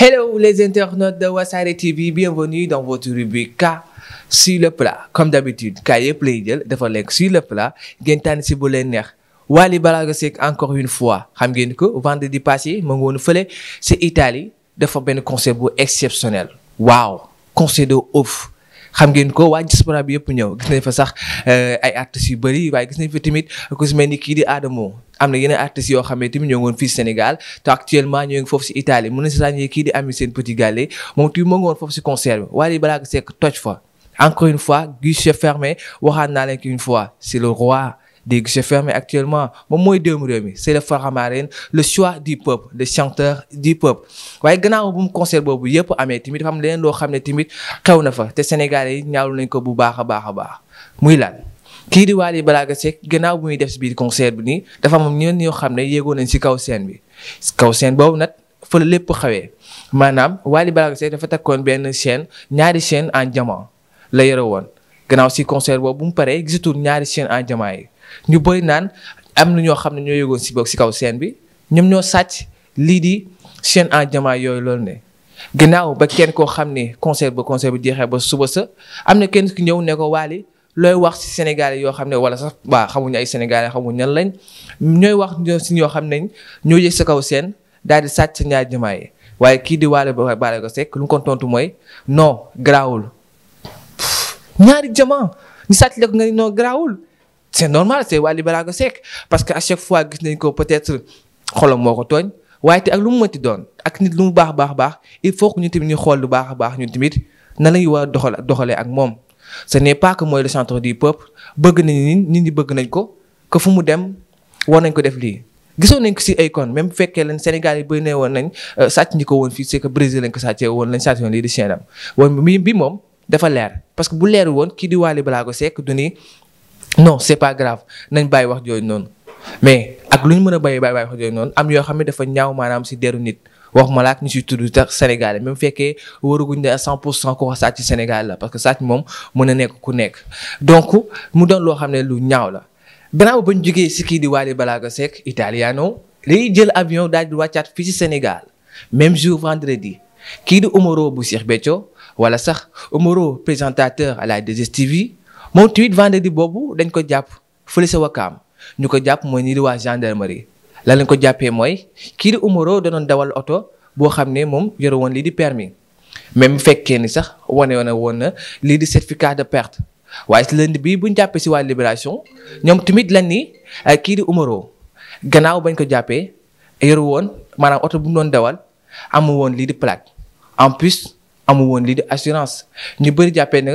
Hello les internautes de Wasare TV, bienvenue dans votre rubrique K sur le plat. Comme d'habitude, K yëpp lay jël sur le plat ngeen tànn si bu leen neex encore une fois xam vendredi passé ma ngi woon fële si Italie dafa benn concert bu exceptionnel Wow, concert de ouf xam ngeen ko waa diaspora bi yëpp ñëw gis nañ fa sax euh, ay artistes yu bëri waaye gis nañ fa tamit ku si mel ni kii di Adamo am na yeneen artistes yoo xam ne tamit ñoo ngi woon fii Sénégal te actuellement ñoo ngi foofu si Italie mën na si ràññee kii di Ami Sène Petit Gallé moom tamit moo ngi woon foofu si concert bi Wally Ballago Seck toj fa encore une fois guichet fermé waxaat naa leen qu'une fois c'est le roi des guichets fermés actuellement moom mooy doomu réew mi c'est le Faramareen le choix du peuple le chanteur du peuple waaye gannaaw bu mu concert boobu yëpp amee tamit dafa am leneen loo xam ne tamit xew na fa te Sénégalais yi ñaawlu nañ ko bu baax a baax a baax muy lan kii di Wally Ballago Seck gannaaw bu def si biir concert nii dafa am ñeneen ñoo xam ne yéegoon nañ si kaw scène bi kaw scène boobu nag fa lépp xawee maanaam Wally Ballago Seck dafa takkoon benn chaîne ñaari chaîne en diamant la yore woon gannaaw si concert boobu bu mu paree gisatul ñaari chaîne en diamant yi ñu bëri naan am na ñoo xam ne ñoo yëgoon si boog si kaw scène bi ñoom ñoo sàcc lii di chaîne en jamaa yooyu loolu ne ginnaaw ba kenn koo xam ne concert ba concert bi jeexee ba suba sa am na kenn ki ñëw ne ko Wally looy wax si Sénégalais yoo xam ne wala sax waa xamuñu ay Sénégalais xamuñ ñan lañ ñooy wax si ñoo xam ne ñoo yëg sa kaw seen daal di sàcc sa ñaari jamaa yi waaye kii di Wally Ballago Seck lu mu ko tontu mooy non garaawul ñaari jamaa ñu sàcc la ko nga non c'est normal c'est Wally Ballago Seck parce que à chaque fois gis nañ ko peut-être xolam moo ko tooñ waaye te ak lu mu mënti doon ak nit lu mu baax baax baax il faut que ñu tamit ñu xool lu baax a baax ñun tamit na la ñu war a doxal doxalee ak moom. ce ne pas que mooy le centre du peuple bëgg nañu nit ñi bëgg nañ ko que fu mu dem war nañ ko def lii. gisoo nañ ko si ay kon même bu fekkee leen Sénégal yi bëri ne woon nañ euh, sàcc ñi ko woon fii c'est que Brésil lañ ko sàccee woon lañ sàcc woon lii di bi moom dafa leer parce que bu leer woon kii di Wally Ballago Seck du ni non c'est pas grave nañ bay wax joy non. mais ak luñ ñu pas, a wax joy non am yo xam dafa ñaaw manam ci nit wax ma ni si Sénégal même féké waruguñ ne 100 ko wax je ci Sénégal parce que ça, mom mëna a ku nek donc mu don lo xamné ne lu ñaaw la. gannaaw ba pas. ci si di Italiano li jël avion daal di Sénégal même jour vendredi ki di Omaro bu Cheikh wala sax présentateur à la DGTV. moom tamit vendredi boobu dañ ko jàpp fële sa wakaam ñu ko jàpp mooy nii di waa gendarmerie la lañ ko jàppee mooy kii di Umaro danoon dawal oto boo xam ne moom yore woon lii di permis même fekkee ni sax wane woon na woon na lii di certificat de perte waaye si lënd bii bu ñu jàppee si waa libération ñoom tamit lañ ni kii di Umaro gannaaw bañ ko jàppee yoru woon maanaam oto bu mu doon dawal amu woon lii di plaque en plus amu woon lii di assurance ñu bëri jàppee ne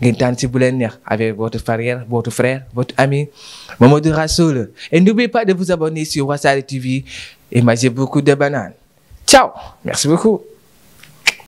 si avec votre frère votre frère votre ami Mamadou Rassoul et n'oubliez pas de vous abonner sur WhatsApp TV et mangez beaucoup de bananes ciao merci beaucoup